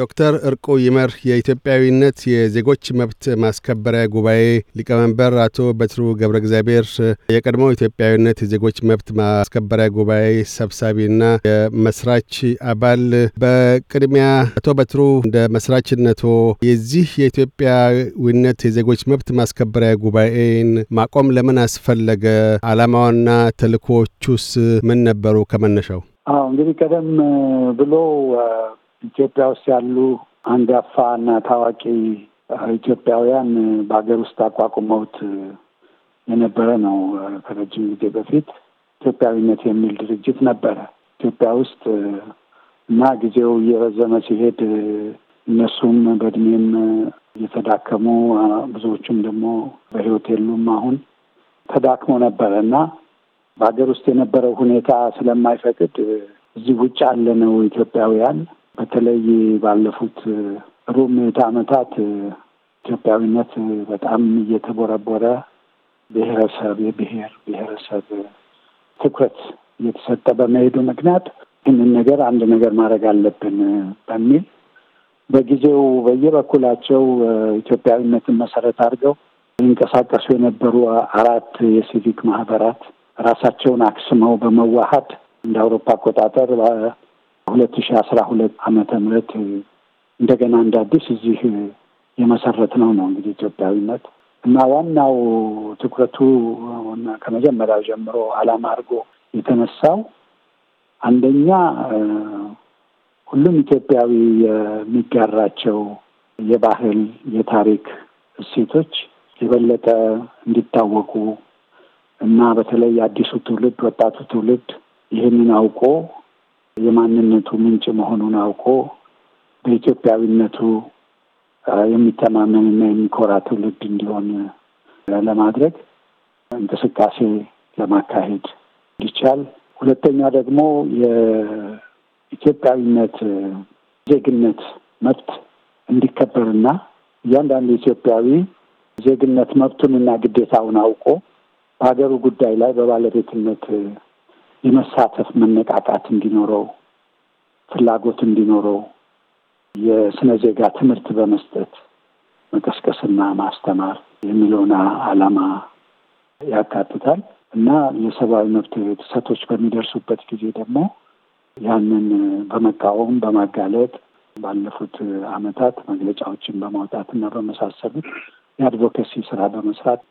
ዶክተር እርቁ ይመር የኢትዮጵያዊነት የዜጎች መብት ማስከበሪያ ጉባኤ ሊቀመንበር፣ አቶ በትሩ ገብረ እግዚአብሔር የቀድሞ ኢትዮጵያዊነት የዜጎች መብት ማስከበሪያ ጉባኤ ሰብሳቢና የመስራች አባል። በቅድሚያ አቶ በትሩ እንደ መስራችነቶ የዚህ የኢትዮጵያዊነት የዜጎች መብት ማስከበሪያ ጉባኤን ማቆም ለምን አስፈለገ? አላማዋና ተልኮዎቹስ ምን ነበሩ? ከመነሻው እንግዲህ ቀደም ብሎ ኢትዮጵያ ውስጥ ያሉ አንጋፋ እና ታዋቂ ኢትዮጵያውያን በሀገር ውስጥ አቋቁመውት የነበረ ነው። ከረጅም ጊዜ በፊት ኢትዮጵያዊነት የሚል ድርጅት ነበረ ኢትዮጵያ ውስጥ እና ጊዜው እየረዘመ ሲሄድ እነሱም በእድሜም እየተዳከሙ ብዙዎቹም ደግሞ በሕይወት የሉም አሁን ተዳክሞ ነበረ እና በሀገር ውስጥ የነበረው ሁኔታ ስለማይፈቅድ እዚህ ውጭ አለ ነው ኢትዮጵያውያን በተለይ ባለፉት ሩብ ምዕተ ዓመታት ኢትዮጵያዊነት በጣም እየተቦረቦረ ብሔረሰብ የብሔር ብሔረሰብ ትኩረት እየተሰጠ በመሄዱ ምክንያት ይህንን ነገር አንድ ነገር ማድረግ አለብን በሚል በጊዜው በየበኩላቸው ኢትዮጵያዊነትን መሰረት አድርገው ይንቀሳቀሱ የነበሩ አራት የሲቪክ ማህበራት ራሳቸውን አክስመው በመዋሀድ እንደ አውሮፓ አቆጣጠር ሁለት ሺ አስራ ሁለት አመተ ምህረት እንደገና እንደ አዲስ እዚህ የመሰረት ነው ነው እንግዲህ ኢትዮጵያዊነት እና ዋናው ትኩረቱ ከመጀመሪያው ጀምሮ አላማ አድርጎ የተነሳው አንደኛ ሁሉም ኢትዮጵያዊ የሚጋራቸው የባህል የታሪክ እሴቶች የበለጠ እንዲታወቁ እና በተለይ አዲሱ ትውልድ ወጣቱ ትውልድ ይህንን አውቆ የማንነቱ ምንጭ መሆኑን አውቆ በኢትዮጵያዊነቱ የሚተማመንና የሚኮራ ትውልድ እንዲሆን ለማድረግ እንቅስቃሴ ለማካሄድ ይቻል። ሁለተኛ ደግሞ የኢትዮጵያዊነት ዜግነት መብት እንዲከበርና እያንዳንዱ ኢትዮጵያዊ ዜግነት መብቱንና ግዴታውን አውቆ በሀገሩ ጉዳይ ላይ በባለቤትነት የመሳተፍ መነቃቃት እንዲኖረው ፍላጎት እንዲኖረው የስነ ዜጋ ትምህርት በመስጠት መቀስቀስና ማስተማር የሚለውን አላማ ያካትታል እና የሰብአዊ መብት ጥሰቶች በሚደርሱበት ጊዜ ደግሞ ያንን በመቃወም በማጋለጥ ባለፉት አመታት መግለጫዎችን በማውጣት እና በመሳሰሉት የአድቮኬሲ ስራ በመስራት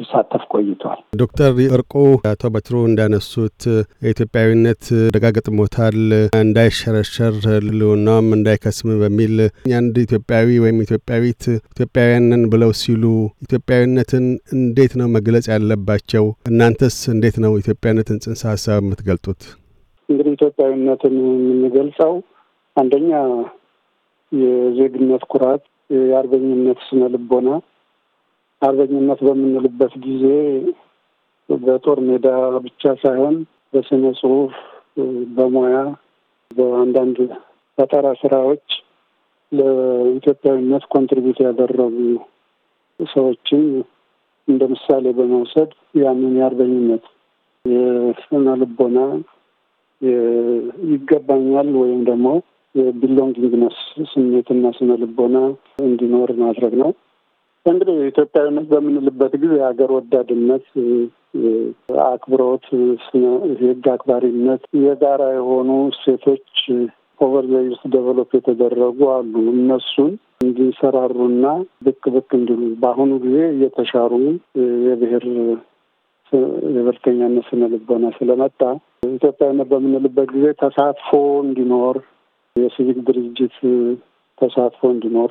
ይሳተፍ ቆይቷል። ዶክተር እርቁ አቶ በትሩ እንዳነሱት የኢትዮጵያዊነት ደጋገጥሞታል እንዳይሸረሸር ልውናም እንዳይከስም በሚል አንድ ኢትዮጵያዊ ወይም ኢትዮጵያዊት ኢትዮጵያውያንን ብለው ሲሉ ኢትዮጵያዊነትን እንዴት ነው መግለጽ ያለባቸው? እናንተስ እንዴት ነው ኢትዮጵያዊነትን ጽንሰ ሀሳብ የምትገልጡት? እንግዲህ ኢትዮጵያዊነትን የምንገልጸው አንደኛ የዜግነት ኩራት፣ የአርበኝነት ስነ ልቦና አርበኝነት በምንልበት ጊዜ በጦር ሜዳ ብቻ ሳይሆን በስነ ጽሁፍ፣ በሙያ፣ በአንዳንድ ፈጠራ ስራዎች ለኢትዮጵያዊነት ኮንትሪቢዩት ያደረጉ ሰዎችን እንደ ምሳሌ በመውሰድ ያንን የአርበኝነት የስነ ልቦና ይገባኛል ወይም ደግሞ የቢሎንጊንግነስ ስሜትና ስነ ልቦና እንዲኖር ማድረግ ነው። እንግዲህ ኢትዮጵያዊነት በምንልበት ጊዜ ሀገር ወዳድነት፣ አክብሮት፣ የህግ አክባሪነት፣ የጋራ የሆኑ እሴቶች ኦቨር ዘ ይርስ ደቨሎፕ የተደረጉ አሉ። እነሱን እንዲንሰራሩና ብቅ ብቅ እንዲሉ በአሁኑ ጊዜ እየተሻሩ የብሔር የበልተኛነት ስነ ልቦና ስለመጣ ኢትዮጵያዊነት በምንልበት ጊዜ ተሳትፎ እንዲኖር የሲቪክ ድርጅት ተሳትፎ እንዲኖር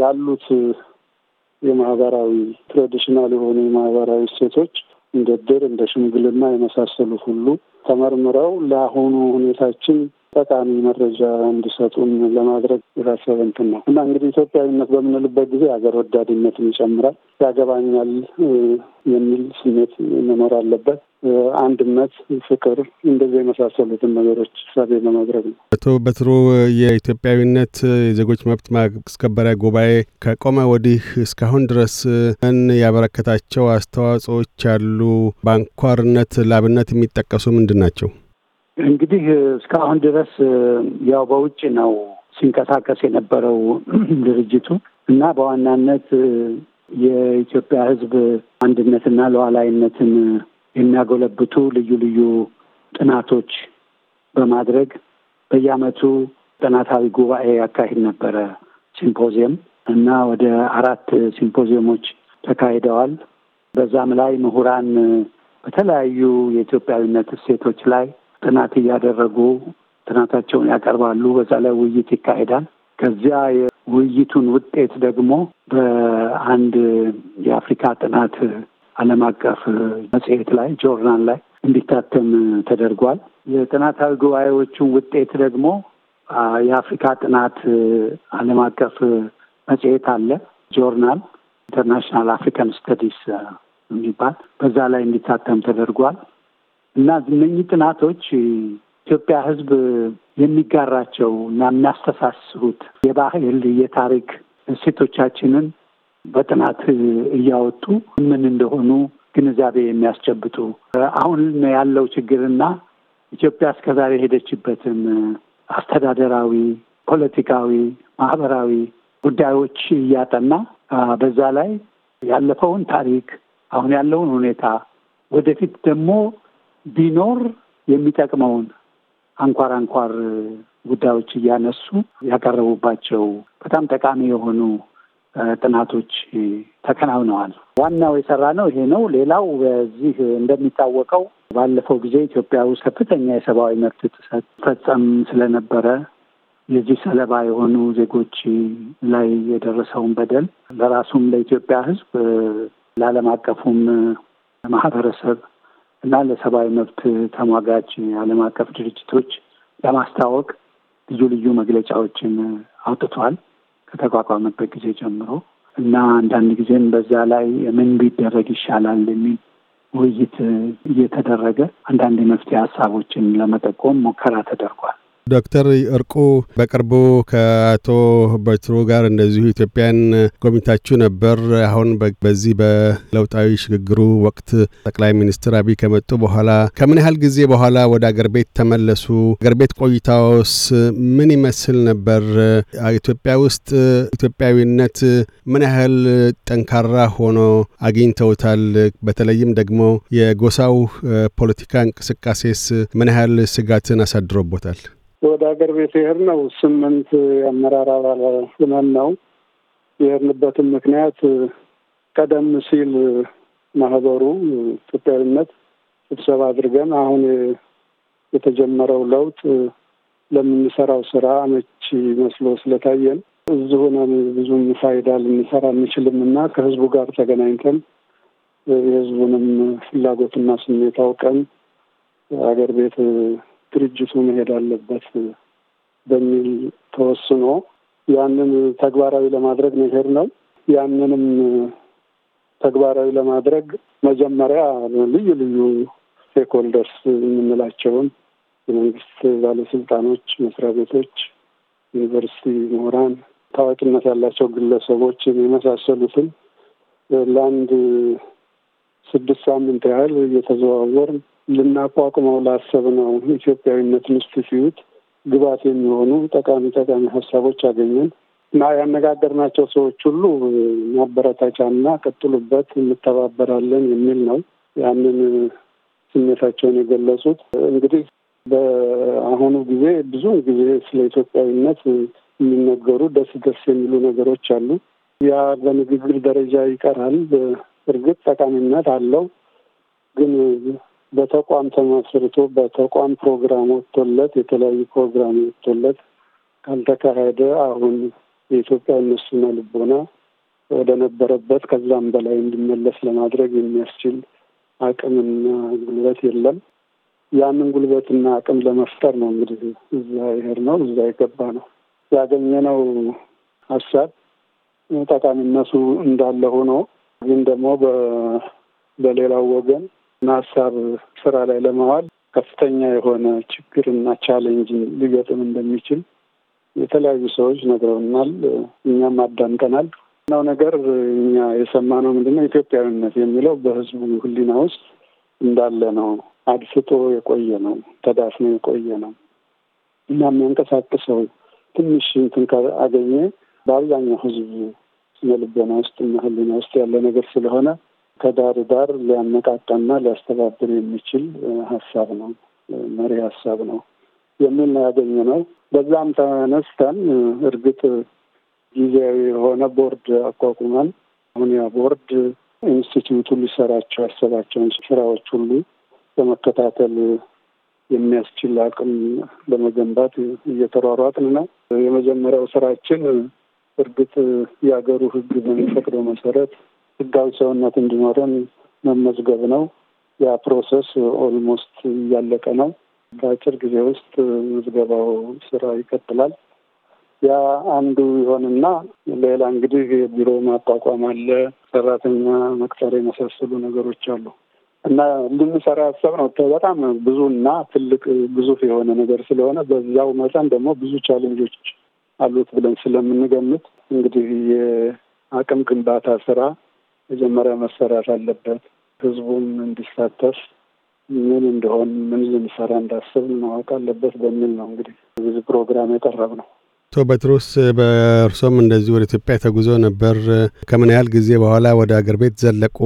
ያሉት የማህበራዊ ትራዲሽናል የሆኑ የማህበራዊ እሴቶች እንደ ድር እንደ ሽምግልና የመሳሰሉ ሁሉ ተመርምረው ለአሁኑ ሁኔታችን ጠቃሚ መረጃ እንዲሰጡን ለማድረግ የታሰበ እንትን ነው እና እንግዲህ ኢትዮጵያዊነት በምንልበት ጊዜ ሀገር ወዳድነትን ይጨምራል። ያገባኛል የሚል ስሜት መኖር አለበት። አንድነት፣ ፍቅር እንደዚህ የመሳሰሉትን ነገሮች ሳቤ ለማድረግ ነው። አቶ በትሩ የኢትዮጵያዊነት የዜጎች መብት ማስከበሪያ ጉባኤ ከቆመ ወዲህ እስካሁን ድረስ ምን ያበረከታቸው አስተዋጽኦዎች አሉ? በአንኳርነት ላብነት የሚጠቀሱ ምንድን ናቸው? እንግዲህ እስካሁን ድረስ ያው በውጭ ነው ሲንቀሳቀስ የነበረው ድርጅቱ እና በዋናነት የኢትዮጵያ ሕዝብ አንድነትና ሉዓላዊነትን የሚያጎለብቱ ልዩ ልዩ ጥናቶች በማድረግ በየዓመቱ ጥናታዊ ጉባኤ ያካሂድ ነበረ። ሲምፖዚየም እና ወደ አራት ሲምፖዚየሞች ተካሂደዋል። በዛም ላይ ምሁራን በተለያዩ የኢትዮጵያዊነት እሴቶች ላይ ጥናት እያደረጉ ጥናታቸውን ያቀርባሉ። በዛ ላይ ውይይት ይካሄዳል። ከዚያ የውይይቱን ውጤት ደግሞ በአንድ የአፍሪካ ጥናት ዓለም አቀፍ መጽሔት ላይ ጆርናል ላይ እንዲታተም ተደርጓል። የጥናታዊ ጉባኤዎቹን ውጤት ደግሞ የአፍሪካ ጥናት ዓለም አቀፍ መጽሔት አለ ጆርናል ኢንተርናሽናል አፍሪካን ስተዲስ የሚባል በዛ ላይ እንዲታተም ተደርጓል እና እነኚህ ጥናቶች ኢትዮጵያ ሕዝብ የሚጋራቸው እና የሚያስተሳስሩት የባህል የታሪክ እሴቶቻችንን በጥናት እያወጡ ምን እንደሆኑ ግንዛቤ የሚያስጨብጡ አሁን ያለው ችግርና ኢትዮጵያ እስከዛሬ የሄደችበትን አስተዳደራዊ፣ ፖለቲካዊ፣ ማህበራዊ ጉዳዮች እያጠና በዛ ላይ ያለፈውን ታሪክ አሁን ያለውን ሁኔታ ወደፊት ደግሞ ቢኖር የሚጠቅመውን አንኳር አንኳር ጉዳዮች እያነሱ ያቀረቡባቸው በጣም ጠቃሚ የሆኑ ጥናቶች ተከናውነዋል። ዋናው የሰራ ነው ይሄ ነው። ሌላው በዚህ እንደሚታወቀው ባለፈው ጊዜ ኢትዮጵያ ውስጥ ከፍተኛ የሰብአዊ መብት ጥሰት ፈጸም ስለነበረ የዚህ ሰለባ የሆኑ ዜጎች ላይ የደረሰውን በደል ለራሱም ለኢትዮጵያ ሕዝብ ለዓለም አቀፉም ማህበረሰብ እና ለሰብአዊ መብት ተሟጋች ዓለም አቀፍ ድርጅቶች ለማስታወቅ ልዩ ልዩ መግለጫዎችን አውጥቷል። ከተቋቋመበት ጊዜ ጀምሮ እና አንዳንድ ጊዜም በዛ ላይ ምን ቢደረግ ይሻላል የሚል ውይይት እየተደረገ አንዳንድ የመፍትሄ ሀሳቦችን ለመጠቆም ሙከራ ተደርጓል። ዶክተር እርቁ በቅርቡ ከአቶ በትሩ ጋር እንደዚሁ ኢትዮጵያን ጎብኝታችሁ ነበር። አሁን በዚህ በለውጣዊ ሽግግሩ ወቅት ጠቅላይ ሚኒስትር አብይ ከመጡ በኋላ ከምን ያህል ጊዜ በኋላ ወደ አገር ቤት ተመለሱ? አገር ቤት ቆይታውስ ምን ይመስል ነበር? ኢትዮጵያ ውስጥ ኢትዮጵያዊነት ምን ያህል ጠንካራ ሆኖ አግኝተውታል? በተለይም ደግሞ የጎሳው ፖለቲካ እንቅስቃሴስ ምን ያህል ስጋትን አሳድሮቦታል? ወደ ሀገር ቤት ይሄድ ነው ስምንት የአመራር አባል ሆነን ነው። የሄድንበትን ምክንያት ቀደም ሲል ማህበሩ ኢትዮጵያዊነት ስብሰባ አድርገን አሁን የተጀመረው ለውጥ ለምንሰራው ስራ አመቺ መስሎ ስለታየን እዚሁ ሆነን ብዙም ፋይዳ ልንሰራ አንችልም እና ከህዝቡ ጋር ተገናኝተን የህዝቡንም ፍላጎትና ስሜት አውቀን ሀገር ቤት ድርጅቱ መሄድ አለበት በሚል ተወስኖ ያንን ተግባራዊ ለማድረግ መሄድ ነው። ያንንም ተግባራዊ ለማድረግ መጀመሪያ ልዩ ልዩ ስቴክሆልደርስ የምንላቸውን የመንግስት ባለስልጣኖች፣ መስሪያ ቤቶች፣ ዩኒቨርሲቲ ምሁራን፣ ታዋቂነት ያላቸው ግለሰቦች የመሳሰሉትን ለአንድ ስድስት ሳምንት ያህል እየተዘዋወርን ልናቋቁመው ላሰብነው ኢትዮጵያዊነት ኢንስቲትዩት ግባት የሚሆኑ ጠቃሚ ጠቃሚ ሀሳቦች አገኘን እና ያነጋገርናቸው ሰዎች ሁሉ ማበረታቻና ቀጥሉበት እንተባበራለን የሚል ነው። ያንን ስሜታቸውን የገለጹት እንግዲህ በአሁኑ ጊዜ ብዙ ጊዜ ስለ ኢትዮጵያዊነት የሚነገሩ ደስ ደስ የሚሉ ነገሮች አሉ። ያ በንግግር ደረጃ ይቀራል። እርግጥ ጠቃሚነት አለው ግን በተቋም ተመስርቶ በተቋም ፕሮግራም ወጥቶለት የተለያዩ ፕሮግራም ወጥቶለት ካልተካሄደ አሁን የኢትዮጵያ እነሱ ልቦና ወደ ነበረበት ከዛም በላይ እንዲመለስ ለማድረግ የሚያስችል አቅምና ጉልበት የለም። ያንን ጉልበትና አቅም ለመፍጠር ነው እንግዲህ እዛ ይሄድ ነው እዛ የገባ ነው ያገኘነው ሀሳብ ጠቃሚነቱ እንዳለ ሆኖ ግን ደግሞ በሌላው ወገን ሀሳብ ስራ ላይ ለማዋል ከፍተኛ የሆነ ችግርና ቻሌንጅ ሊገጥም እንደሚችል የተለያዩ ሰዎች ነግረውናል። እኛም አዳምጠናል። ዋናው ነገር እኛ የሰማነው ምንድነው ኢትዮጵያዊነት የሚለው በህዝቡ ህሊና ውስጥ እንዳለ ነው። አድፍጦ የቆየ ነው፣ ተዳፍኖ የቆየ ነው እና የሚያንቀሳቅሰው ትንሽ እንትን አገኘ በአብዛኛው ህዝቡ ስነ ልቦና ውስጥ እና ህሊና ውስጥ ያለ ነገር ስለሆነ ከዳር ዳር ሊያመጣጣና ሊያስተባብር የሚችል ሀሳብ ነው፣ መሪ ሀሳብ ነው የሚል ነው ያገኘ ነው። በዛም ተነስተን እርግጥ ጊዜያዊ የሆነ ቦርድ አቋቁመን አሁን ያ ቦርድ ኢንስቲትዩቱ ሊሰራቸው ያሰባቸውን ስራዎች ሁሉ በመከታተል የሚያስችል አቅም ለመገንባት እየተሯሯጥን ነው። የመጀመሪያው ስራችን እርግጥ የሀገሩ ሕግ በሚፈቅደው መሰረት ህጋዊ ሰውነት እንዲኖረን መመዝገብ ነው። ያ ፕሮሰስ ኦልሞስት እያለቀ ነው። በአጭር ጊዜ ውስጥ ምዝገባው ስራ ይቀጥላል። ያ አንዱ ይሆንና ሌላ እንግዲህ የቢሮ ማቋቋም አለ፣ ሰራተኛ መቅጠር የመሳሰሉ ነገሮች አሉ እና ልንሰራ ያሰብነው በጣም እና ትልቅ ግዙፍ የሆነ ነገር ስለሆነ በዛው መጠን ደግሞ ብዙ ቻሌንጆች አሉት ብለን ስለምንገምት እንግዲህ የአቅም ግንባታ ስራ መጀመሪያ መሰራት አለበት። ህዝቡም እንዲሳተፍ ምን እንደሆን ምን ልንሰራ እንዳስብ ማወቅ አለበት በሚል ነው እንግዲህ በዚህ ፕሮግራም የቀረብ ነው። አቶ ጴጥሮስ በእርሶም እንደዚህ ወደ ኢትዮጵያ ተጉዞ ነበር። ከምን ያህል ጊዜ በኋላ ወደ አገር ቤት ዘለቁ?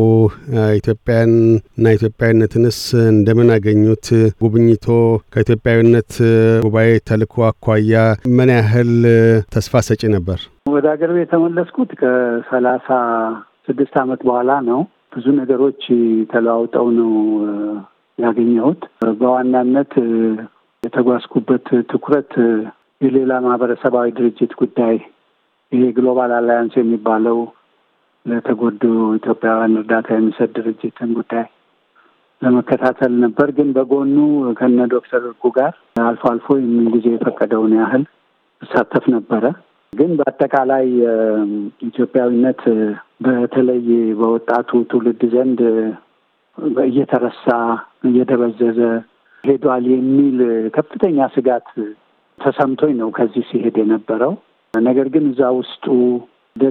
ኢትዮጵያን እና ኢትዮጵያዊነትንስ እንደምን አገኙት? ጉብኝቶ ከኢትዮጵያዊነት ጉባኤ ተልእኮ አኳያ ምን ያህል ተስፋ ሰጪ ነበር? ወደ አገር ቤት የተመለስኩት ከሰላሳ ስድስት ዓመት በኋላ ነው። ብዙ ነገሮች ተለዋውጠው ነው ያገኘሁት። በዋናነት የተጓዝኩበት ትኩረት የሌላ ማህበረሰባዊ ድርጅት ጉዳይ ይሄ ግሎባል አላያንስ የሚባለው ለተጎዱ ኢትዮጵያውያን እርዳታ የሚሰጥ ድርጅትን ጉዳይ ለመከታተል ነበር። ግን በጎኑ ከነ ዶክተር እርቁ ጋር አልፎ አልፎ የምን ጊዜ የፈቀደውን ያህል እሳተፍ ነበረ። ግን በአጠቃላይ ኢትዮጵያዊነት በተለይ በወጣቱ ትውልድ ዘንድ እየተረሳ እየደበዘዘ ሄዷል የሚል ከፍተኛ ስጋት ተሰምቶኝ ነው ከዚህ ሲሄድ የነበረው። ነገር ግን እዛ ውስጡ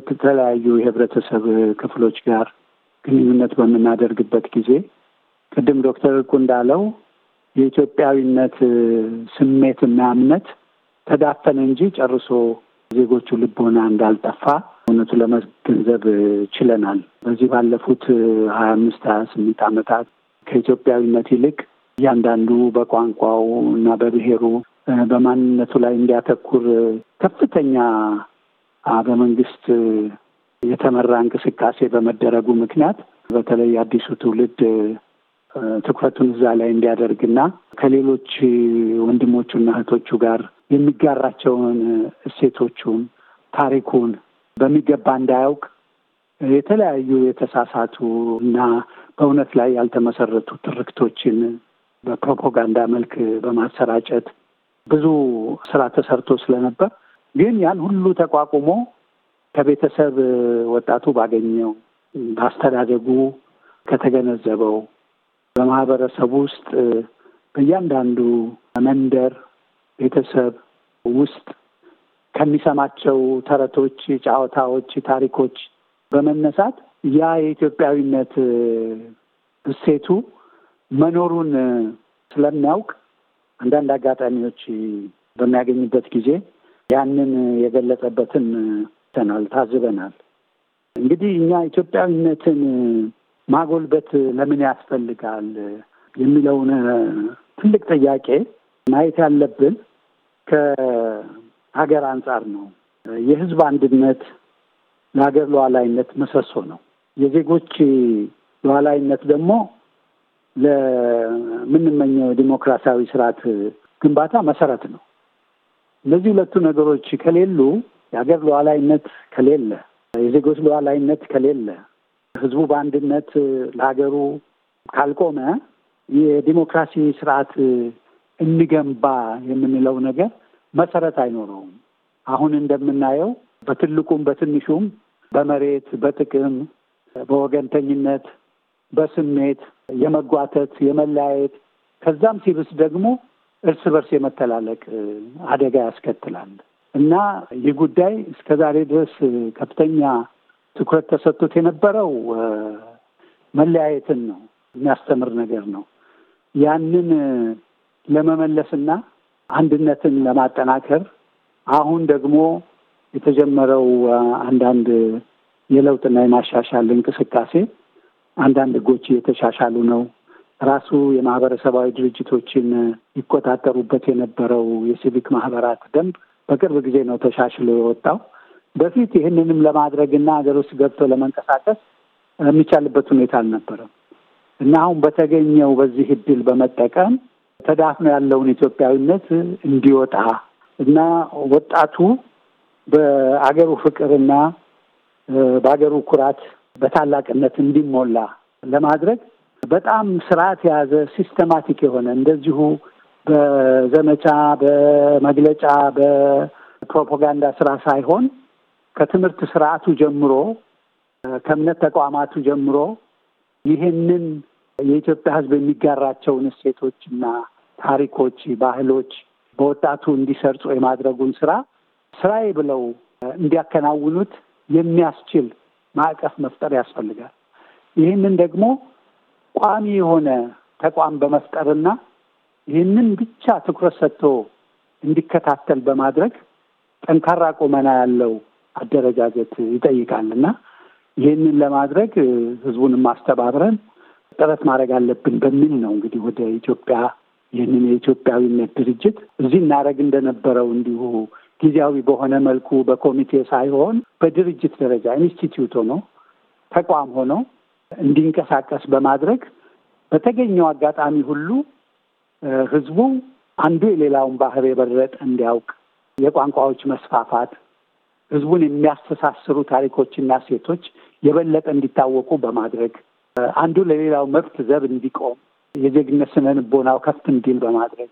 ከተለያዩ የህብረተሰብ ክፍሎች ጋር ግንኙነት በምናደርግበት ጊዜ ቅድም ዶክተር እርቁ እንዳለው የኢትዮጵያዊነት ስሜትና እምነት ተዳፈነ እንጂ ጨርሶ ዜጎቹ ልቦና እንዳልጠፋ እውነቱ ለመገንዘብ ችለናል። በዚህ ባለፉት ሀያ አምስት ሀያ ስምንት ዓመታት ከኢትዮጵያዊነት ይልቅ እያንዳንዱ በቋንቋው እና በብሔሩ በማንነቱ ላይ እንዲያተኩር ከፍተኛ በመንግስት የተመራ እንቅስቃሴ በመደረጉ ምክንያት በተለይ አዲሱ ትውልድ ትኩረቱን እዛ ላይ እንዲያደርግና ከሌሎች ወንድሞቹና እህቶቹ ጋር የሚጋራቸውን እሴቶቹን፣ ታሪኩን በሚገባ እንዳያውቅ የተለያዩ የተሳሳቱ እና በእውነት ላይ ያልተመሰረቱ ትርክቶችን በፕሮፓጋንዳ መልክ በማሰራጨት ብዙ ስራ ተሰርቶ ስለነበር ግን ያን ሁሉ ተቋቁሞ ከቤተሰብ ወጣቱ ባገኘው ባስተዳደጉ ከተገነዘበው በማህበረሰቡ ውስጥ በእያንዳንዱ መንደር ቤተሰብ ውስጥ ከሚሰማቸው ተረቶች፣ ጨዋታዎች፣ ታሪኮች በመነሳት ያ የኢትዮጵያዊነት እሴቱ መኖሩን ስለሚያውቅ አንዳንድ አጋጣሚዎች በሚያገኝበት ጊዜ ያንን የገለጸበትን ተናል ታዝበናል። እንግዲህ እኛ ኢትዮጵያዊነትን ማጎልበት ለምን ያስፈልጋል የሚለውን ትልቅ ጥያቄ ማየት ያለብን ከ ሀገር አንጻር ነው። የህዝብ አንድነት ለሀገር ሉዓላዊነት ምሰሶ ነው። የዜጎች ሉዓላዊነት ደግሞ ለምንመኘው ዲሞክራሲያዊ ስርዓት ግንባታ መሰረት ነው። እነዚህ ሁለቱ ነገሮች ከሌሉ፣ የሀገር ሉዓላዊነት ከሌለ፣ የዜጎች ሉዓላዊነት ከሌለ፣ ህዝቡ በአንድነት ለሀገሩ ካልቆመ የዲሞክራሲ ስርዓት እንገንባ የምንለው ነገር መሰረት አይኖረውም። አሁን እንደምናየው በትልቁም በትንሹም በመሬት፣ በጥቅም፣ በወገንተኝነት፣ በስሜት የመጓተት የመለያየት ከዛም ሲብስ ደግሞ እርስ በርስ የመተላለቅ አደጋ ያስከትላል እና ይህ ጉዳይ እስከ ዛሬ ድረስ ከፍተኛ ትኩረት ተሰጥቶት የነበረው መለያየትን ነው የሚያስተምር ነገር ነው። ያንን ለመመለስና አንድነትን ለማጠናከር አሁን ደግሞ የተጀመረው አንዳንድ የለውጥና የማሻሻል እንቅስቃሴ አንዳንድ ህጎች እየተሻሻሉ ነው። ራሱ የማህበረሰባዊ ድርጅቶችን ይቆጣጠሩበት የነበረው የሲቪክ ማህበራት ደንብ በቅርብ ጊዜ ነው ተሻሽሎ የወጣው። በፊት ይህንንም ለማድረግና ሀገር ውስጥ ገብቶ ለመንቀሳቀስ የሚቻልበት ሁኔታ አልነበረም እና አሁን በተገኘው በዚህ እድል በመጠቀም ተዳፍኖ ያለውን ኢትዮጵያዊነት እንዲወጣ እና ወጣቱ በአገሩ ፍቅርና በአገሩ ኩራት በታላቅነት እንዲሞላ ለማድረግ በጣም ስርዓት የያዘ ሲስተማቲክ የሆነ እንደዚሁ በዘመቻ በመግለጫ በፕሮፓጋንዳ ስራ ሳይሆን ከትምህርት ስርዓቱ ጀምሮ ከእምነት ተቋማቱ ጀምሮ ይህንን የኢትዮጵያ ሕዝብ የሚጋራቸውን እሴቶችና ታሪኮች፣ ባህሎች በወጣቱ እንዲሰርጹ የማድረጉን ስራ ስራዬ ብለው እንዲያከናውኑት የሚያስችል ማዕቀፍ መፍጠር ያስፈልጋል። ይህንን ደግሞ ቋሚ የሆነ ተቋም በመፍጠርና ይህንን ብቻ ትኩረት ሰጥቶ እንዲከታተል በማድረግ ጠንካራ ቁመና ያለው አደረጃጀት ይጠይቃል ይህንን ለማድረግ ህዝቡንም ማስተባብረን ጥረት ማድረግ አለብን በሚል ነው እንግዲህ ወደ ኢትዮጵያ ይህንን የኢትዮጵያዊነት ድርጅት እዚህ እናደርግ እንደነበረው እንዲሁ ጊዜያዊ በሆነ መልኩ በኮሚቴ ሳይሆን በድርጅት ደረጃ ኢንስቲትዩት ሆኖ ተቋም ሆኖ እንዲንቀሳቀስ በማድረግ በተገኘው አጋጣሚ ሁሉ ህዝቡ አንዱ የሌላውን ባህር የበለጠ እንዲያውቅ የቋንቋዎች መስፋፋት ህዝቡን የሚያስተሳስሩ ታሪኮችና ሴቶች የበለጠ እንዲታወቁ በማድረግ አንዱ ለሌላው መብት ዘብ እንዲቆም የዜግነት ስነ ልቦናው ከፍ እንዲል በማድረግ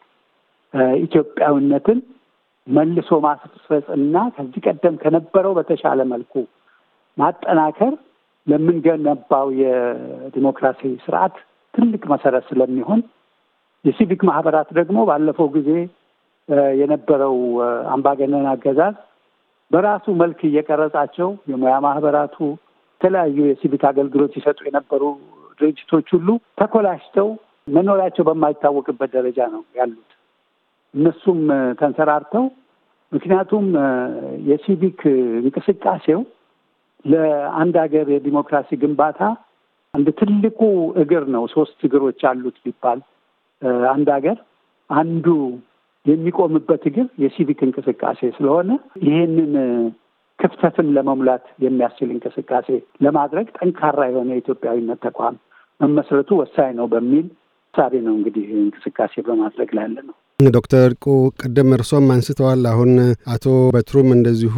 ኢትዮጵያዊነትን መልሶ ማስፈጽ እና ከዚህ ቀደም ከነበረው በተሻለ መልኩ ማጠናከር ለምንገነባው የዲሞክራሲ ስርዓት ትልቅ መሰረት ስለሚሆን የሲቪክ ማህበራት ደግሞ ባለፈው ጊዜ የነበረው አምባገነን አገዛዝ በራሱ መልክ እየቀረጻቸው የሙያ ማህበራቱ የተለያዩ የሲቪክ አገልግሎት ይሰጡ የነበሩ ድርጅቶች ሁሉ ተኮላሽተው መኖሪያቸው በማይታወቅበት ደረጃ ነው ያሉት። እነሱም ተንሰራርተው ምክንያቱም የሲቪክ እንቅስቃሴው ለአንድ ሀገር የዲሞክራሲ ግንባታ አንድ ትልቁ እግር ነው። ሶስት እግሮች አሉት ቢባል አንድ ሀገር አንዱ የሚቆምበት እግር የሲቪክ እንቅስቃሴ ስለሆነ ይህንን ክፍተትን ለመሙላት የሚያስችል እንቅስቃሴ ለማድረግ ጠንካራ የሆነ የኢትዮጵያዊነት ተቋም መመስረቱ ወሳኝ ነው በሚል ሳቤ ነው እንግዲህ እንቅስቃሴ በማድረግ ላለ ነው። ዶክተር ድቁ ቅድም እርሶም አንስተዋል። አሁን አቶ በትሩም እንደዚሁ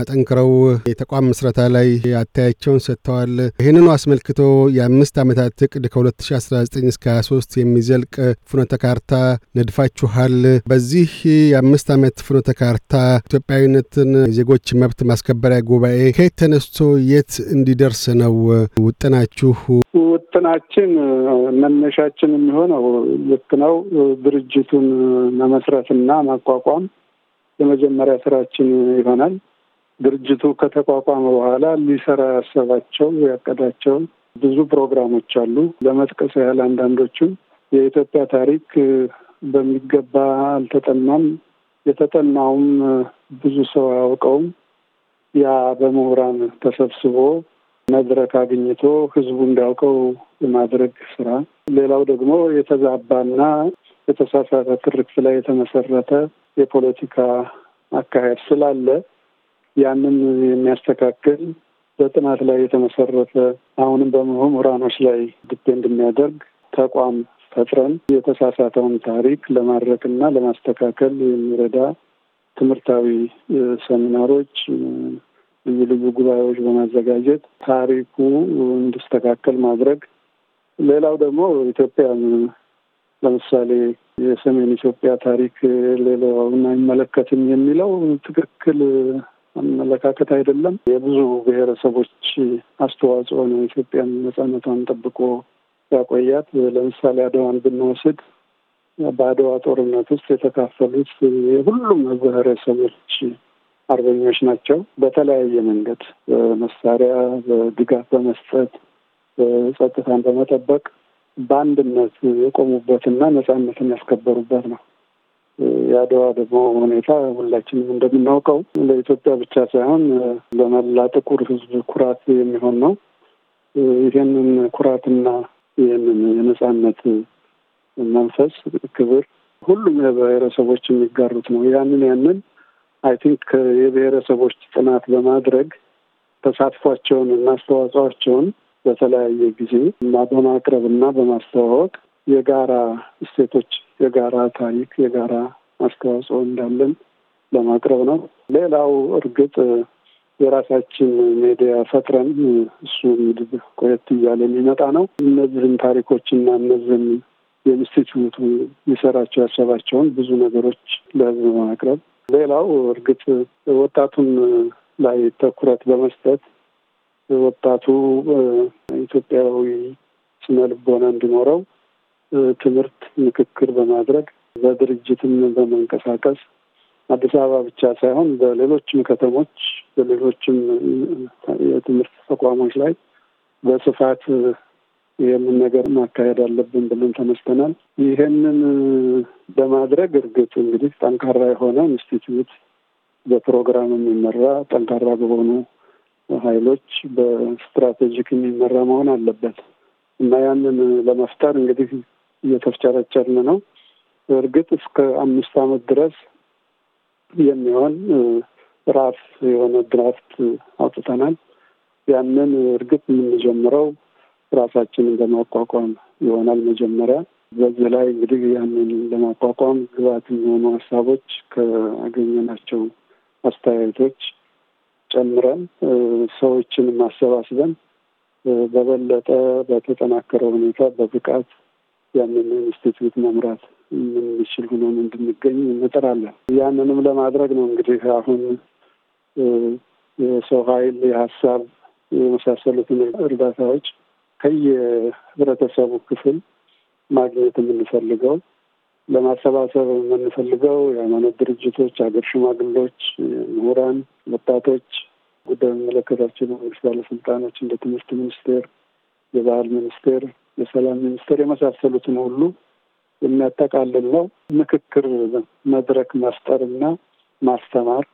አጠንክረው የተቋም ምስረታ ላይ አታያቸውን ሰጥተዋል። ይህንኑ አስመልክቶ የአምስት ዓመታት እቅድ ከ2019 እስከ 23 የሚዘልቅ ፍኖተ ካርታ ነድፋችኋል። በዚህ የአምስት ዓመት ፍኖተ ካርታ ኢትዮጵያዊነትን የዜጎች መብት ማስከበሪያ ጉባኤ ከየት ተነስቶ የት እንዲደርስ ነው ውጥናችሁ? ውጥናችን መነሻችን የሚሆነው ልክ ነው ድርጅቱን መመስረትና ማቋቋም የመጀመሪያ ስራችን ይሆናል። ድርጅቱ ከተቋቋመ በኋላ ሊሰራ ያሰባቸው ያቀዳቸው ብዙ ፕሮግራሞች አሉ። ለመጥቀስ ያህል አንዳንዶቹ የኢትዮጵያ ታሪክ በሚገባ አልተጠናም፣ የተጠናውም ብዙ ሰው አያውቀውም። ያ በምሁራን ተሰብስቦ መድረክ አግኝቶ ህዝቡ እንዲያውቀው የማድረግ ስራ፣ ሌላው ደግሞ የተዛባና የተሳሳተ ትርክት ላይ የተመሰረተ የፖለቲካ አካሄድ ስላለ ያንን የሚያስተካክል በጥናት ላይ የተመሰረተ አሁንም በምሁራኖች ላይ ዲፔንድ የሚያደርግ ተቋም ፈጥረን የተሳሳተውን ታሪክ ለማድረግ እና ለማስተካከል የሚረዳ ትምህርታዊ ሰሚናሮች፣ ልዩ ልዩ ጉባኤዎች በማዘጋጀት ታሪኩ እንዲስተካከል ማድረግ ሌላው ደግሞ ኢትዮጵያ ለምሳሌ የሰሜን ኢትዮጵያ ታሪክ ሌላውን አይመለከትም የሚለው ትክክል አመለካከት አይደለም። የብዙ ብሔረሰቦች አስተዋጽኦ ነው ኢትዮጵያን ነጻነቷን ጠብቆ ያቆያት። ለምሳሌ አድዋን ብንወስድ በአድዋ ጦርነት ውስጥ የተካፈሉት የሁሉም ብሔረሰቦች አርበኞች ናቸው። በተለያየ መንገድ በመሳሪያ፣ በድጋፍ በመስጠት፣ ጸጥታን በመጠበቅ በአንድነት የቆሙበትና ነጻነትን ያስከበሩበት ነው። የአድዋ ደግሞ ሁኔታ ሁላችንም እንደምናውቀው ለኢትዮጵያ ብቻ ሳይሆን ለመላ ጥቁር ሕዝብ ኩራት የሚሆን ነው። ይህንን ኩራትና ይህንን የነጻነት መንፈስ ክብር ሁሉም የብሔረሰቦች የሚጋሩት ነው። ያንን ያንን አይ ቲንክ የብሔረሰቦች ጥናት በማድረግ ተሳትፏቸውን እና አስተዋጽኦአቸውን በተለያየ ጊዜ እና በማቅረብ እና በማስተዋወቅ የጋራ እሴቶች፣ የጋራ ታሪክ፣ የጋራ አስተዋጽኦ እንዳለን ለማቅረብ ነው። ሌላው እርግጥ የራሳችን ሜዲያ ፈጥረን እሱ ምድብ ቆየት እያለ የሚመጣ ነው። እነዚህን ታሪኮችና እነዚህን የኢንስቲትዩቱ ሊሰራቸው ያሰባቸውን ብዙ ነገሮች ለህዝብ ማቅረብ ሌላው እርግጥ ወጣቱን ላይ ትኩረት በመስጠት ወጣቱ ኢትዮጵያዊ ስነ ልቦና እንዲኖረው ትምህርት፣ ምክክር በማድረግ በድርጅትም በመንቀሳቀስ አዲስ አበባ ብቻ ሳይሆን በሌሎችም ከተሞች በሌሎችም የትምህርት ተቋሞች ላይ በስፋት ይህንን ነገር ማካሄድ አለብን ብለን ተነስተናል። ይህንን በማድረግ እርግጥ እንግዲህ ጠንካራ የሆነ ኢንስቲትዩት በፕሮግራም የሚመራ ጠንካራ በሆኑ ኃይሎች በስትራቴጂክ የሚመራ መሆን አለበት እና ያንን ለመፍጠር እንግዲህ እየተፍጨረጨርን ነው። እርግጥ እስከ አምስት ዓመት ድረስ የሚሆን ራፍ የሆነ ድራፍት አውጥተናል። ያንን እርግጥ የምንጀምረው ራሳችንን ለማቋቋም ይሆናል መጀመሪያ። በዚህ ላይ እንግዲህ ያንን ለማቋቋም ግባት የሚሆኑ ሀሳቦች ካገኘናቸው አስተያየቶች ጨምረን ሰዎችን ማሰባስበን በበለጠ በተጠናከረ ሁኔታ በብቃት ያንን ኢንስቲትዩት መምራት የምንችል ሆነን እንድንገኝ እንጥራለን። ያንንም ለማድረግ ነው እንግዲህ አሁን የሰው ኃይል፣ የሀሳብ የመሳሰሉትን እርዳታዎች ከየህብረተሰቡ ክፍል ማግኘት የምንፈልገው ለማሰባሰብ የምንፈልገው የሃይማኖት ድርጅቶች፣ ሀገር ሽማግሌዎች፣ ምሁራን፣ ወጣቶች፣ ጉዳይ የሚመለከታቸው መንግስት ባለስልጣኖች እንደ ትምህርት ሚኒስቴር፣ የባህል ሚኒስቴር፣ የሰላም ሚኒስቴር የመሳሰሉትን ሁሉ የሚያጠቃልል ነው። ምክክር መድረክ መፍጠርና ማስተማር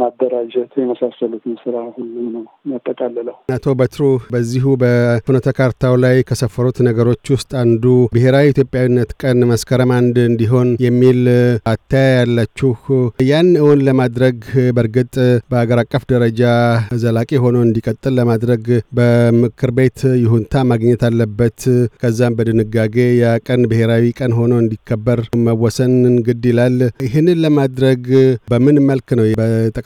ማደራጀት የመሳሰሉትን ስራ ሁሉ ነው ያጠቃልለው። አቶ በትሩ በዚሁ በፍኖተ ካርታው ላይ ከሰፈሩት ነገሮች ውስጥ አንዱ ብሔራዊ ኢትዮጵያዊነት ቀን መስከረም አንድ እንዲሆን የሚል አተያ ያላችሁ ያን እውን ለማድረግ በእርግጥ በአገር አቀፍ ደረጃ ዘላቂ ሆኖ እንዲቀጥል ለማድረግ በምክር ቤት ይሁንታ ማግኘት አለበት። ከዛም በድንጋጌ ያ ቀን ብሔራዊ ቀን ሆኖ እንዲከበር መወሰን ግድ ይላል። ይህንን ለማድረግ በምን መልክ ነው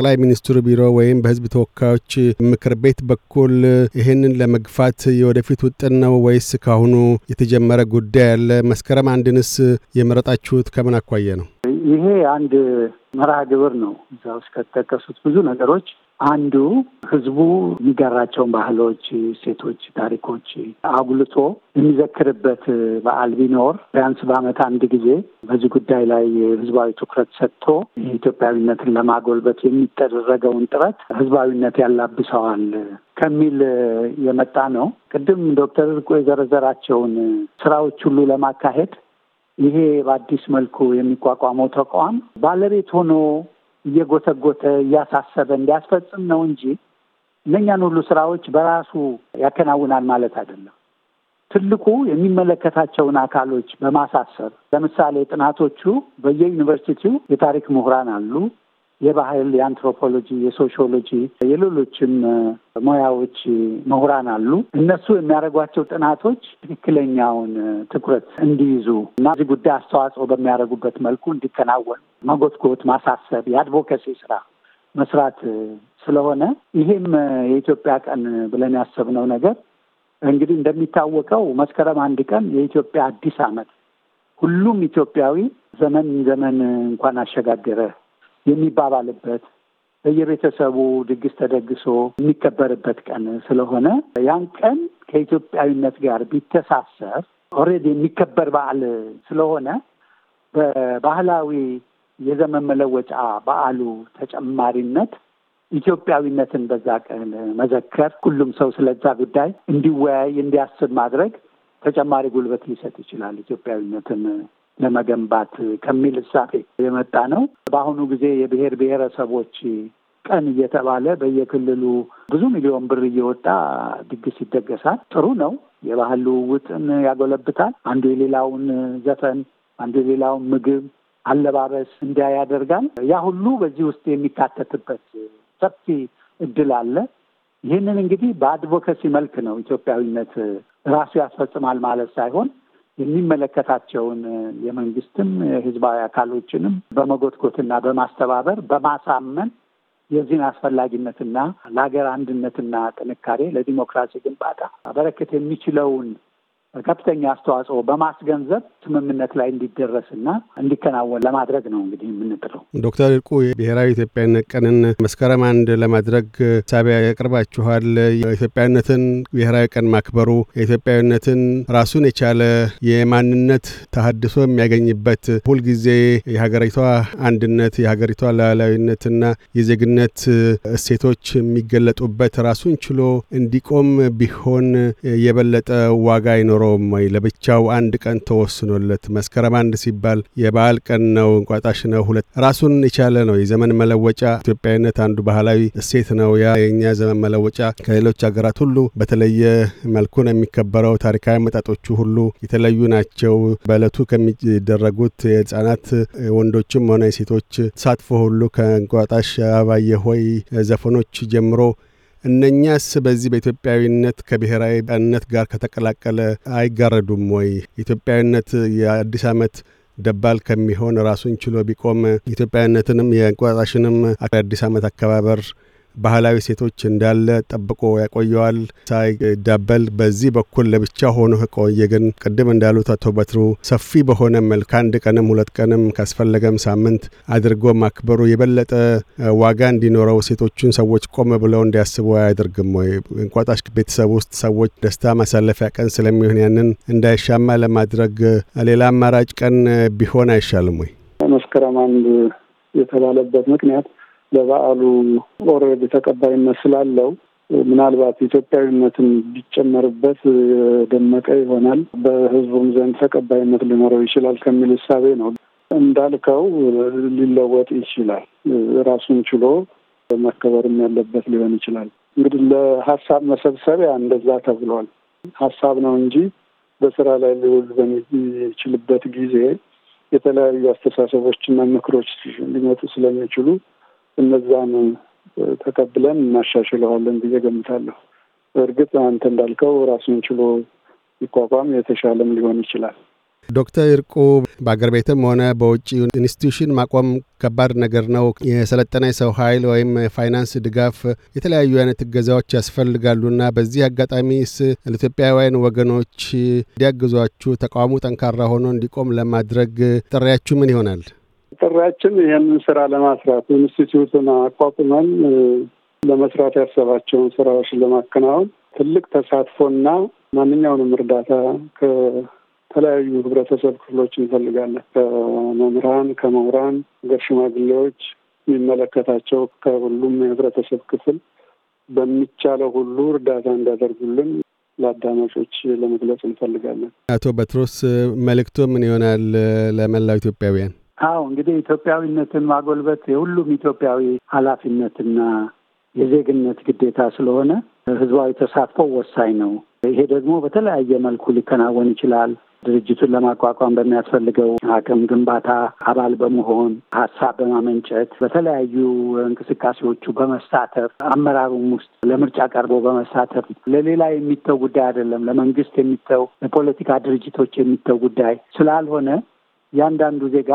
በጠቅላይ ሚኒስትሩ ቢሮ ወይም በህዝብ ተወካዮች ምክር ቤት በኩል ይህንን ለመግፋት የወደፊት ውጥን ነው ወይስ ካሁኑ የተጀመረ ጉዳይ አለ? መስከረም አንድንስ የመረጣችሁት ከምን አኳየ ነው? ይሄ አንድ መርሃ ግብር ነው። እዛ ውስጥ ከተጠቀሱት ብዙ ነገሮች አንዱ ህዝቡ የሚጋራቸውን ባህሎች፣ ሴቶች ታሪኮች አጉልቶ የሚዘክርበት በዓል ቢኖር ቢያንስ በዓመት አንድ ጊዜ በዚህ ጉዳይ ላይ ህዝባዊ ትኩረት ሰጥቶ የኢትዮጵያዊነትን ለማጎልበት የሚደረገውን ጥረት ህዝባዊነት ያላብሰዋል ከሚል የመጣ ነው። ቅድም ዶክተር እርቆ የዘረዘራቸውን ስራዎች ሁሉ ለማካሄድ ይሄ በአዲስ መልኩ የሚቋቋመው ተቋም ባለቤት ሆኖ እየጎተጎተ እያሳሰበ እንዲያስፈጽም ነው እንጂ እነኛን ሁሉ ስራዎች በራሱ ያከናውናል ማለት አይደለም። ትልቁ የሚመለከታቸውን አካሎች በማሳሰብ ለምሳሌ ጥናቶቹ በየዩኒቨርሲቲው የታሪክ ምሁራን አሉ፣ የባህል፣ የአንትሮፖሎጂ፣ የሶሺዮሎጂ፣ የሌሎችም ሙያዎች ምሁራን አሉ። እነሱ የሚያደርጓቸው ጥናቶች ትክክለኛውን ትኩረት እንዲይዙ እና እዚህ ጉዳይ አስተዋጽኦ በሚያደርጉበት መልኩ እንዲከናወን መጎትጎት፣ ማሳሰብ፣ የአድቮኬሲ ስራ መስራት ስለሆነ ይሄም የኢትዮጵያ ቀን ብለን ያሰብነው ነገር እንግዲህ እንደሚታወቀው መስከረም አንድ ቀን የኢትዮጵያ አዲስ ዓመት ሁሉም ኢትዮጵያዊ ዘመን ዘመን እንኳን አሸጋገረ የሚባባልበት በየቤተሰቡ ድግስ ተደግሶ የሚከበርበት ቀን ስለሆነ ያን ቀን ከኢትዮጵያዊነት ጋር ቢተሳሰር ኦልሬዲ የሚከበር በዓል ስለሆነ በባህላዊ የዘመን መለወጫ በዓሉ ተጨማሪነት ኢትዮጵያዊነትን በዛ ቀን መዘከር፣ ሁሉም ሰው ስለዛ ጉዳይ እንዲወያይ፣ እንዲያስብ ማድረግ ተጨማሪ ጉልበት ሊሰጥ ይችላል ኢትዮጵያዊነትን ለመገንባት ከሚል እሳቤ የመጣ ነው። በአሁኑ ጊዜ የብሔር ብሔረሰቦች ቀን እየተባለ በየክልሉ ብዙ ሚሊዮን ብር እየወጣ ድግስ ይደገሳል። ጥሩ ነው። የባህል ልውውጥን ያጎለብታል። አንዱ የሌላውን ዘፈን፣ አንዱ የሌላውን ምግብ፣ አለባበስ እንዲያ ያደርጋል። ያ ሁሉ በዚህ ውስጥ የሚካተትበት ሰፊ እድል አለ። ይህንን እንግዲህ በአድቮኬሲ መልክ ነው ኢትዮጵያዊነት ራሱ ያስፈጽማል ማለት ሳይሆን የሚመለከታቸውን የመንግስትም የህዝባዊ አካሎችንም በመጎትጎትና በማስተባበር በማሳመን የዚህን አስፈላጊነትና ለሀገር አንድነትና ጥንካሬ ለዲሞክራሲ ግንባታ በረከት የሚችለውን ከፍተኛ አስተዋጽኦ በማስገንዘብ ስምምነት ላይ እንዲደረስና እንዲከናወን ለማድረግ ነው እንግዲህ የምንጥረው። ዶክተር ይርቁ የብሔራዊ ኢትዮጵያዊነት ቀንን መስከረም አንድ ለማድረግ ሳቢያ ያቀርባችኋል። የኢትዮጵያዊነትን ብሔራዊ ቀን ማክበሩ የኢትዮጵያዊነትን ራሱን የቻለ የማንነት ተሀድሶ የሚያገኝበት ሁልጊዜ የሀገሪቷ አንድነት የሀገሪቷ ሉዓላዊነትና የዜግነት እሴቶች የሚገለጡበት ራሱን ችሎ እንዲቆም ቢሆን የበለጠ ዋጋ አይኖረው አልቀረውም ወይ? ለብቻው አንድ ቀን ተወስኖለት መስከረም አንድ ሲባል የበዓል ቀን ነው፣ እንቋጣሽ ነው። ሁለት ራሱን የቻለ ነው። የዘመን መለወጫ ኢትዮጵያዊነት አንዱ ባህላዊ እሴት ነው። ያ የእኛ ዘመን መለወጫ ከሌሎች ሀገራት ሁሉ በተለየ መልኩ ነው የሚከበረው። ታሪካዊ መጣጦቹ ሁሉ የተለዩ ናቸው። በእለቱ ከሚደረጉት የህጻናት ወንዶችም ሆነ የሴቶች ተሳትፎ ሁሉ ከእንቋጣሽ አባየ ሆይ ዘፈኖች ጀምሮ እነኛስ በዚህ በኢትዮጵያዊነት ከብሔራዊነት ጋር ከተቀላቀለ አይጋረዱም ወይ? ኢትዮጵያዊነት የአዲስ ዓመት ደባል ከሚሆን ራሱን ችሎ ቢቆም ኢትዮጵያዊነትንም የእንቁጣጣሽንም አዲስ ዓመት አከባበር ባህላዊ ሴቶች እንዳለ ጠብቆ ያቆየዋል ሳይዳበል። በዚህ በኩል ለብቻ ሆኖ ከቆየ ግን ቅድም እንዳሉት አቶ በትሩ ሰፊ በሆነ መልክ አንድ ቀንም ሁለት ቀንም ካስፈለገም ሳምንት አድርጎ ማክበሩ የበለጠ ዋጋ እንዲኖረው ሴቶቹን ሰዎች ቆም ብለው እንዲያስቡ አያደርግም ወይ? እንቋጣሽ ቤተሰብ ውስጥ ሰዎች ደስታ ማሳለፊያ ቀን ስለሚሆን ያንን እንዳይሻማ ለማድረግ ሌላ አማራጭ ቀን ቢሆን አይሻልም ወይ? መስከረም አንድ የተባለበት ምክንያት በበዓሉ ኦልሬዲ ተቀባይነት ስላለው ምናልባት ኢትዮጵያዊነትን ቢጨመርበት የደመቀ ይሆናል። በህዝቡም ዘንድ ተቀባይነት ሊኖረው ይችላል ከሚል እሳቤ ነው። እንዳልከው ሊለወጥ ይችላል። ራሱን ችሎ መከበርም ያለበት ሊሆን ይችላል። እንግዲህ ለሀሳብ መሰብሰቢያ እንደዛ ተብሏል። ሀሳብ ነው እንጂ በስራ ላይ ሊውል በሚችልበት ጊዜ የተለያዩ አስተሳሰቦችና ምክሮች ሊመጡ ስለሚችሉ እነዛን ተቀብለን እናሻሽለዋለን ብዬ ገምታለሁ። እርግጥ አንተ እንዳልከው ራሱን ችሎ ሊቋቋም የተሻለም ሊሆን ይችላል። ዶክተር ይርቁ በአገር ቤትም ሆነ በውጭ ኢንስቲትዩሽን ማቆም ከባድ ነገር ነው። የሰለጠነ የሰው ኃይል ወይም የፋይናንስ ድጋፍ፣ የተለያዩ አይነት እገዛዎች ያስፈልጋሉና በዚህ አጋጣሚስ ለኢትዮጵያውያን ወገኖች እንዲያግዟችሁ ተቋሙ ጠንካራ ሆኖ እንዲቆም ለማድረግ ጥሪያችሁ ምን ይሆናል? ጥሪያችን ይህንን ስራ ለማስራት ኢንስቲትዩትን አቋቁመን ለመስራት ያሰባቸውን ስራዎች ለማከናወን ትልቅ ተሳትፎና ማንኛውንም እርዳታ ከተለያዩ ህብረተሰብ ክፍሎች እንፈልጋለን። ከመምህራን፣ ከመምህራን፣ ገር ሽማግሌዎች፣ የሚመለከታቸው ከሁሉም የህብረተሰብ ክፍል በሚቻለው ሁሉ እርዳታ እንዳደርጉልን ለአዳማጮች ለመግለጽ እንፈልጋለን። አቶ በትሮስ መልእክቶ ምን ይሆናል ለመላው ኢትዮጵያውያን? አዎ እንግዲህ ኢትዮጵያዊነትን ማጎልበት የሁሉም ኢትዮጵያዊ ኃላፊነትና የዜግነት ግዴታ ስለሆነ ህዝባዊ ተሳትፎ ወሳኝ ነው። ይሄ ደግሞ በተለያየ መልኩ ሊከናወን ይችላል። ድርጅቱን ለማቋቋም በሚያስፈልገው አቅም ግንባታ አባል በመሆን ሀሳብ በማመንጨት በተለያዩ እንቅስቃሴዎቹ በመሳተፍ አመራሩም ውስጥ ለምርጫ ቀርቦ በመሳተፍ ለሌላ የሚተው ጉዳይ አይደለም። ለመንግስት የሚተው ለፖለቲካ ድርጅቶች የሚተው ጉዳይ ስላልሆነ እያንዳንዱ ዜጋ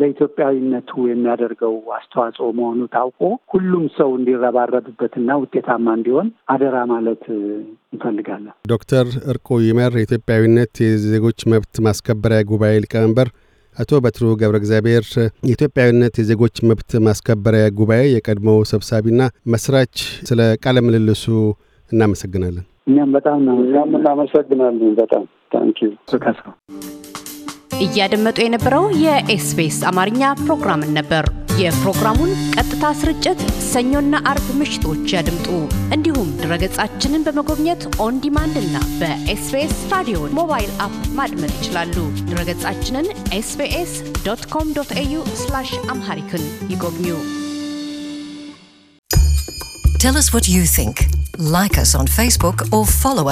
ለኢትዮጵያዊነቱ የሚያደርገው አስተዋጽኦ መሆኑ ታውቆ ሁሉም ሰው እንዲረባረብበትና ውጤታማ እንዲሆን አደራ ማለት እንፈልጋለን። ዶክተር እርቁ ይመር የኢትዮጵያዊነት የዜጎች መብት ማስከበሪያ ጉባኤ ሊቀመንበር፣ አቶ በትሩ ገብረ እግዚአብሔር የኢትዮጵያዊነት የዜጎች መብት ማስከበሪያ ጉባኤ የቀድሞ ሰብሳቢና መስራች፣ ስለ ቃለ ምልልሱ እናመሰግናለን። እኛም በጣም እናመሰግናለን። በጣም ታንኪዩ። እያደመጡ የነበረው የኤስቢኤስ አማርኛ ፕሮግራምን ነበር። የፕሮግራሙን ቀጥታ ስርጭት ሰኞና አርብ ምሽቶች ያድምጡ። እንዲሁም ድረገጻችንን በመጎብኘት ኦን ዲማንድ እና በኤስቢኤስ ራዲዮ ሞባይል አፕ ማድመጥ ይችላሉ። ድረገጻችንን ኤስቢኤስ ዶት ኮም ዶት ኤዩ አምሃሪክን ይጎብኙ። Tell us what you think. Like us ኦን Facebook or follow